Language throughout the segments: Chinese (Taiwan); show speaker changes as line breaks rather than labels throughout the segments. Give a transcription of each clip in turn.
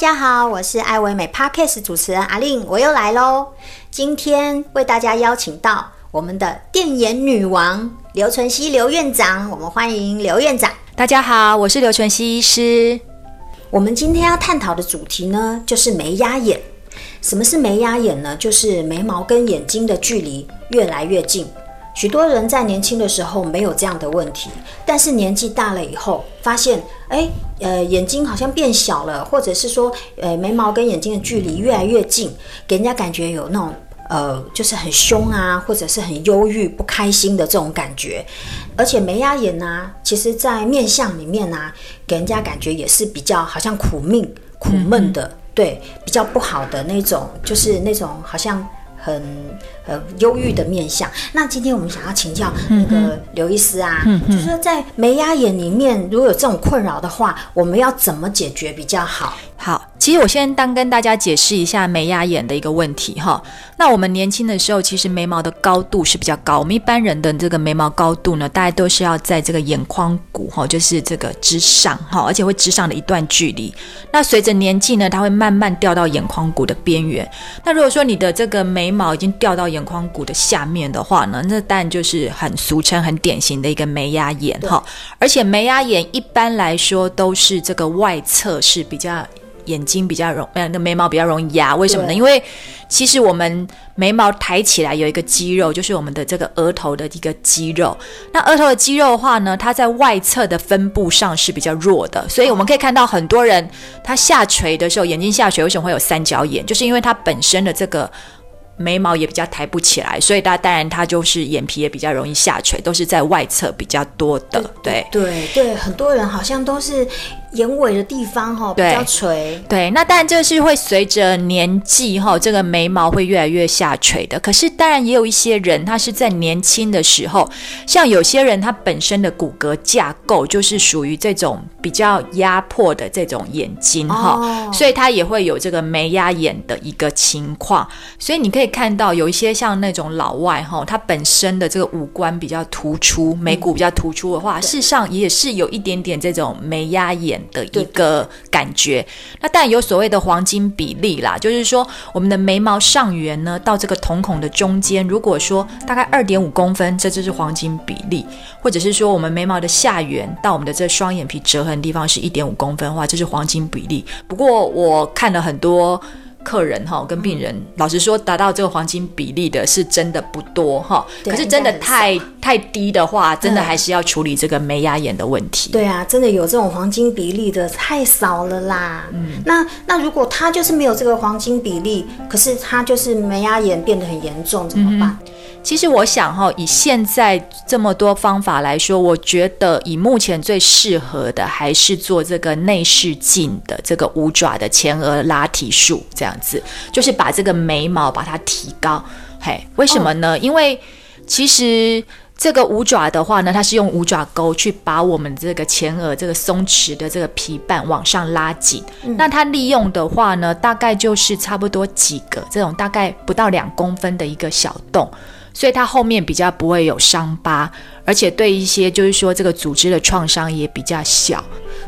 大家好，我是愛惟美 Podcast 主持人阿令。In, 我又來嘍。今天為大家邀請到我們的電眼女王劉淳熙劉院長，我們歡迎劉院長。大家好，我是劉淳熙醫師。我們今天要探討的主題呢，就是眉壓眼。什麼是眉壓眼呢？就是眉毛跟眼睛的距離越來越近。許多人在年輕的時候沒有這樣的問題，但是年紀大了以後，發現，誒，呃，眼睛好像變小了，或者是說，呃，眉毛跟眼睛的距離越來越近，給人家感覺有那種，呃，就是很凶啊，或者是很憂鬱、不開心的這種感覺。而且眉壓眼啊，其實在面相裡面啊，給人家感覺也是比較好像苦命、苦悶的，嗯嗯。對，比較不好的那種，就是那種好像。很很憂鬱的面相。那今天我們想要請教那個劉醫師啊，嗯哼，就是在眉壓眼裡面，如果有這種困擾的話，我們要怎麼解決比較好？
好。其實我先當跟大家解釋一下眉壓眼的一個問題哈。那我們年輕的時候，其實眉毛的高度是比較高，我們一般人的這個眉毛高度呢，大概都是要在這個眼眶骨哈，就是這個之上哈，而且會之上的一段距離。那隨着年紀呢，它會慢慢掉到眼眶骨的邊緣。那如果說你的這個眉毛已經掉到眼眶骨的下面的話呢，那當然就是很俗稱很典型的一個眉壓眼哈。對而且眉壓眼一般來說都是這個外側是比較，眼睛比較容，嗯，那眉毛比較容易壓，為什麼呢？對因為其實我們眉毛抬起來有一個肌肉，就是我們的這個額頭的一個肌肉。那額頭的肌肉的話呢，它在外側的分布上是比較弱的，所以我們可以看到很多人他下垂的時候，眼睛下垂，為什麼會有三角眼？就是因為他本身的這個眉毛也比較抬不起來，所以他當然他就是眼皮也比較容易下垂，都是在外側比較多的。對對
對，對，很多人好像都是。眼尾的地方哈、哦、比較垂。對，
對，那當然這是會隨着年紀哈、哦，這個眉毛會越來越下垂的。可是當然也有一些人，他是在年輕的時候，像有些人他本身的骨骼架構就是屬於這種比較壓迫的這種眼睛哈、哦，哦、所以他也會有這個眉壓眼的一個情況。所以你可以看到有一些像那種老外哈、哦，他本身的這個五官比較突出，眉骨比較突出的話，嗯、事實上也是有一點點這種眉壓眼。的一個感覺，對對對。那當然有所謂的黃金比例啦，就是說我們的眉毛上緣呢，到這個瞳孔的中間，如果說大概二點五公分，這就是黃金比例；或者是說我們眉毛的下緣到我們的這雙眼皮折痕的地方是一點五公分的話，這是黃金比例。不過我看了很多。客人哈，跟病人老實說，達到這個黃金比例的是真的不多哈。嗯、可是真的太太低的話，嗯、真的還是要處理這個眉壓眼的問題。
對啊，真的有這種黃金比例的太少了啦。嗯，那那如果他就是沒有這個黃金比例，可是他就是眉壓眼變得很嚴重，怎麼辦？嗯嗯其實我想哈，以現在這麼多方法
來說，我覺得以目前最適合的還是做這個內視鏡的這個五爪的前額拉提術，這樣子就是把這個眉毛把它提高。嘿，為什麼呢？哦、因為其實這個五爪的話呢，它是用五爪鈎去把我們這個前額這個鬆弛的這個皮瓣往上拉緊。嗯、那它利用的話呢，大概就是差不多幾個這種大概不到兩公分的一個小洞。所以他後面比較不會有傷疤，而且對一些就是說這個組織的創傷也比較小。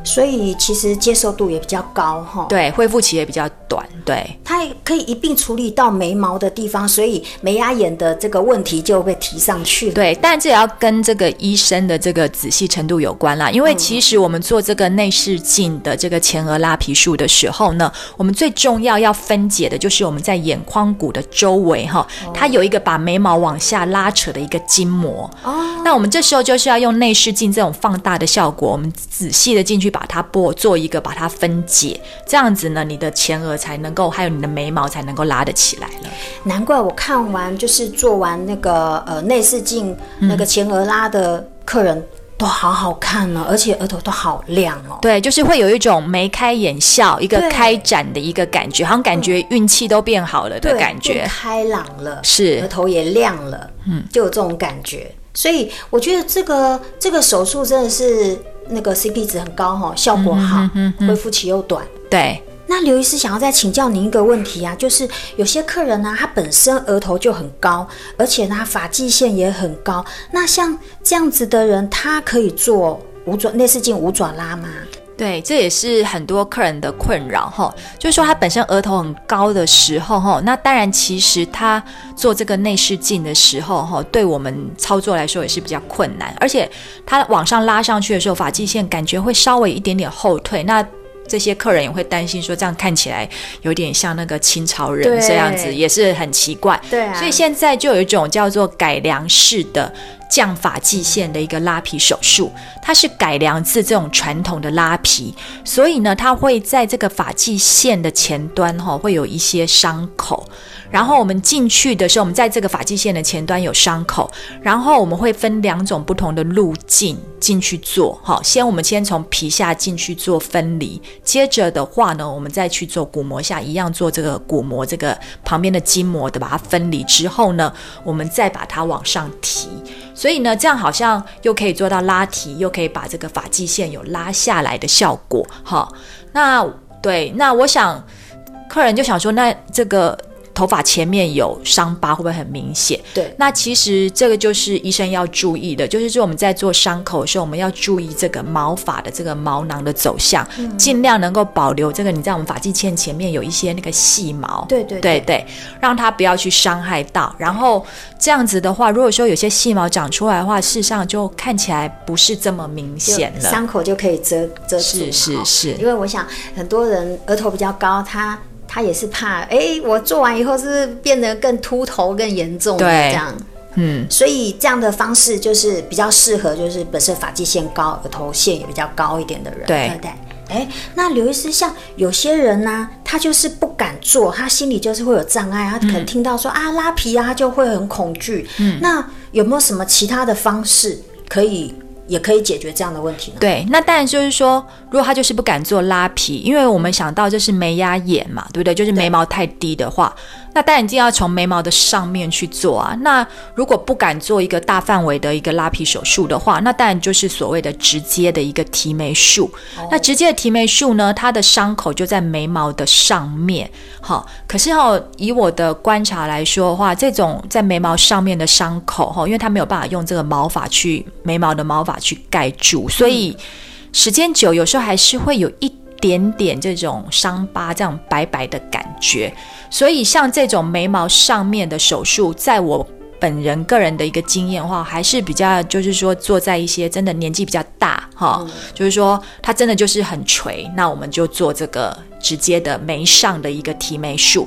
所以其實接受度也比較高哈，對，
恢復期也比較短，對，
它也可以一併處理到眉毛的地方，所以眉壓眼的這個問題就被提上去了。對，但這也要跟這個醫
生的這個仔細程度有關啦。因為其實我們做這個內視鏡的這個前額拉皮術的時候呢，嗯、我們最重要要分解的就是我們在眼眶骨的周圍哈，它有一個把眉毛往下拉扯的一個筋膜。哦，那我們這時候就是要用內視鏡這種放大的效果，我們仔細的進。去把它剝，做一個把它分解，這樣子呢，你的前額才能夠，還有你的眉毛才能夠拉得起來了。
難怪我看完就是做完那個呃內視鏡、嗯、那個前額拉的客人都好好看哦，而且額頭都好亮
哦。對，就是會有一種眉開眼笑、一個開展的一個感覺，好像感覺運氣都變好了的感覺，嗯、
開朗了，是額頭也亮了，嗯，就有這種感覺。嗯所以我覺得這個這個手術真的是那個 CP 值很高哈，效果好，嗯哼嗯哼，恢復期又短。對，那劉醫師想要再請教您一個問題啊，就是有些客人呢，他本身額頭就很高，而且呢，髮際線也很高，那像這樣子的人，他可以做五爪，內視鏡五爪拉嗎？對，這也是很多
客人的困擾哈。就是說，他本身額頭很高的時候哈，那當然其實他做這個內視鏡的時候哈，對我們操作來說也是比較困難。而且他往上拉上去的時候，髮際線感覺會稍微一點點後退。那這些客人也會擔心說，這樣看起來有點像那個清朝人對這樣子，也是很奇怪。對啊，所以現在就有一種叫做改良式的。降髮際線的一個拉皮手術，它是改良自這種傳統的拉皮，所以呢，它會在這個髮際線的前端哈，會有一些傷口。然後我們進去的時候，我們在這個髮際線的前端有傷口，然後我們會分兩種不同的路徑進去做。好，先我們先從皮下進去做分離，接着的話呢，我們再去做骨膜下，一樣做這個骨膜這個旁邊的筋膜的，把它分離之後呢，我們再把它往上提。所以呢，這樣好像又可以做到拉提，又可以把這個髮際線有拉下來的效果，哈。那對，那我想客人就想說那，那這個。頭髮前面有傷疤會不會很明顯？對，那其實這個就是醫生要注意的，就是說我們在做傷口的時候，我們要注意這個毛髮的這個毛囊的走向，嗯、盡量能夠保留這個。你在我們髮際線前面有一些那個細毛，對對對，對對，讓它不要去傷害到。然後這樣子的話，如果說有些細毛長出來的話，事實上就看起
來不是這麼明顯了，傷口就可以遮遮住。是是是，因為我想很多人額頭比較高，他。他也是怕，哎、欸，我做完以後是不是變得更禿頭更嚴重，這樣，對嗯，所以這樣的方式就是比較適合，就是本身髮際線高、額頭線也比較高一點的人，對對。對對欸、那劉醫師，像有些人呢、啊，他就是不敢做，他心裡就是會有障礙，他可能聽到說、嗯、啊拉皮啊，他就會很恐懼。嗯，那有沒有什麼其他的方式可以？也可以解決這樣的問題呢？對，
那當然就是說，如果他就是不敢做拉皮，因為我們想到就是眉壓眼嘛，對不對？就是眉毛太低的話。那當然一定要從眉毛的上面去做啊。那如果不敢做一個大範圍的一個拉皮手術的話，那當然就是所謂的直接的一個提眉術。Oh. 那直接的提眉術呢，它的傷口就在眉毛的上面。好，可是哈、哦，以我的觀察來說的話，這種在眉毛上面的傷口哈，因為它沒有辦法用這個毛髮去眉毛的毛髮去蓋住，所以時間久有時候還是會有一點點這種傷疤，這樣白白的感覺，所以像這種眉毛上面的手術，在我本人個人的一個經驗的話，還是比較就是說做在一些真的年紀比較大哈、嗯哦，就是說它真的就是很垂，那我們就做這個直接的眉上的一個提眉術。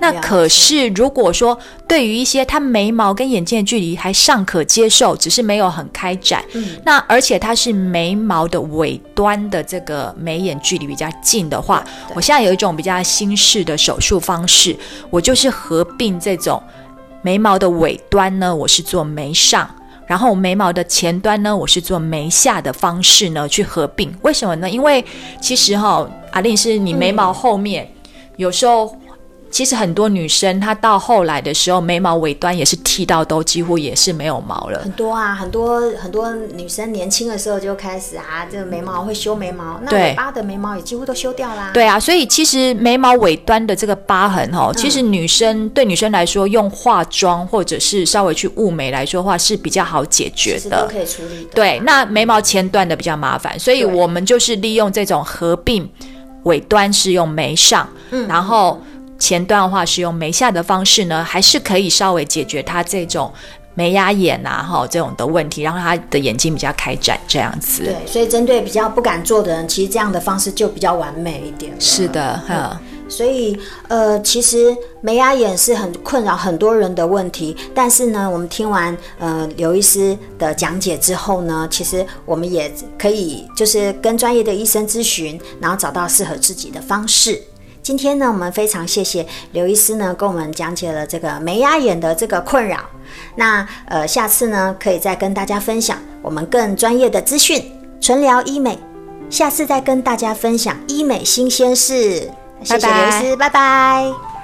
那可是，如果說對於一些他眉毛跟眼睛的距離還尚可接受，只是沒有很開展，嗯、那而且它是眉毛的尾端的這個眉眼距離比較近的話，我現在有一種比較新式的手術方式，我就是合併這種眉毛的尾端呢，我是做眉上，然後眉毛的前端呢，我是做眉下的方式呢去合併。為什麼呢？因為其實哈、哦，阿令是你眉毛後面、嗯、有時候。其實很多女生，她到後來的時候，眉毛尾端也是剃到都幾乎也是沒有毛了。很
多啊，很多很多女生年輕的時候就開始啊，這個眉毛會修眉毛，對那尾巴的眉毛也幾乎都修掉啦。對啊，
所以其實眉毛尾端的這個疤痕哦，嗯、其實女生對女生來說，用化妝或者是稍微去霧眉來說的話，是比較好解決的，可以處理的、啊。對，那眉毛前段的比較麻煩，所以我們就是利用這種合併尾端是用眉上，嗯、然後。前段話是用眉下的方式呢，還是可以稍微解決他這種眉壓眼啊、哈這種的問題，讓他的眼睛比較開展這樣子。對，
所以針對比較不敢做的人，其實這樣的方式就比較完美一點。是的，哈、嗯。所以呃，其實眉壓眼是很困擾很多人的問題，但是呢，我們聽完呃劉醫師的講解之後呢，其實我們也可以就是跟專業的醫生諮詢，然後找到適合自己的方式。今天呢，我們非常謝謝劉醫師呢，跟我們講解了這個眉壓眼的這個困擾。那呃，下次呢，可以再跟大家分享我們更專業的資訊，純聊醫美。下次再跟大家分享醫美新鮮事。拜拜 bye，劉醫師，拜拜。